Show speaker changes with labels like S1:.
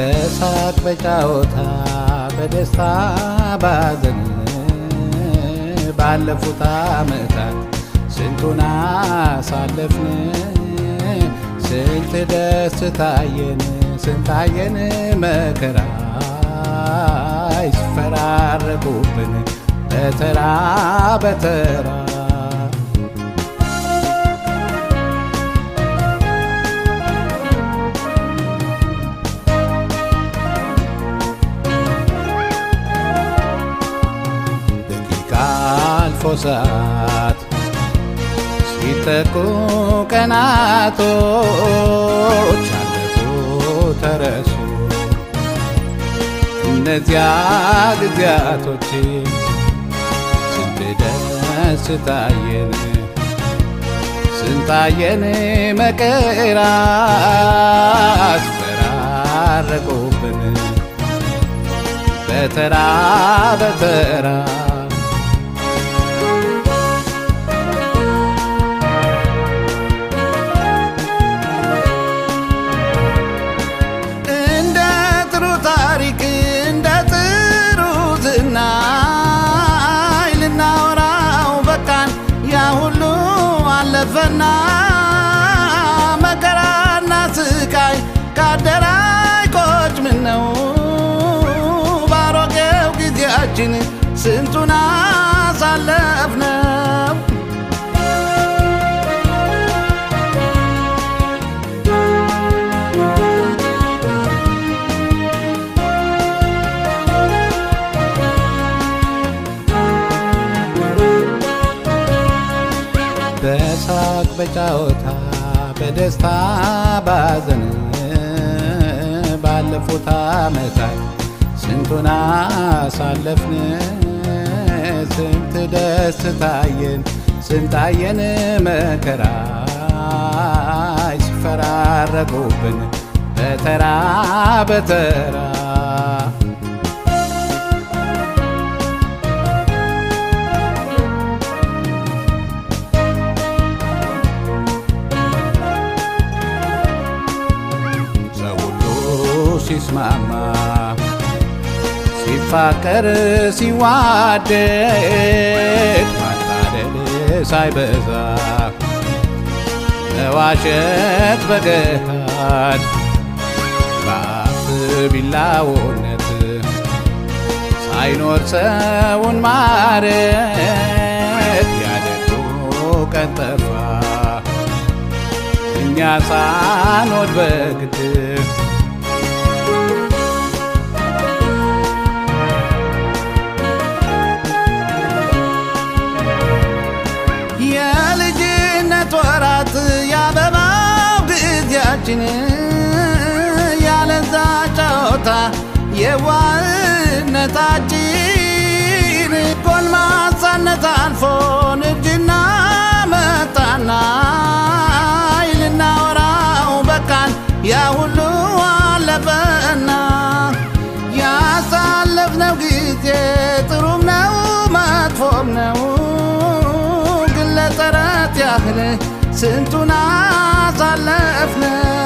S1: በሳቅ በጫወታ በደስታ ባዘን ባለፉት ዓመታት ስንቱን አሳለፍን ስንት ደስ ታየን ስንታየን መከራ ይስፈራረቁብን በተራ በተራ ሰዓት ሲተኩ ቀናቶች አለፉ ተረሱ እነዚያ ጊዜያቶች ስንት ስንታየን መከራስ ፈራረቁብን በተራ በተራ
S2: ኮች ምነው ባሮጌው ጊዜያችን ስንቱን አሳለፍነው።
S1: በሳቅ በጫወታ በደስታ ባዘን ባለፉት ዓመታት ስንቱን አሳለፍን ስንት ደስታየን ስንታየን መከራ ይስፈራረቁብን በተራ በተራ ሲስማማ ሲፋቀር ሲዋደድ ማታደል ሳይበዛ መዋሸት በገሃድ ባፍ ቢላውነት ሳይኖር ሰውን ማረት ያደጎ እኛ ሳኖድ በግድ
S2: ሀገራችን ያለዛ ጨዋታ የዋህነታችን ጎልማሳነት አልፎ ንድና መጣና ይልናወራው በቃን ያ ሁሉ አለፈና ያሳለፍነው ጊዜ ጥሩም ነው መጥፎም ነው ግለጠረት ያህል ስንቱን አሳለፍነው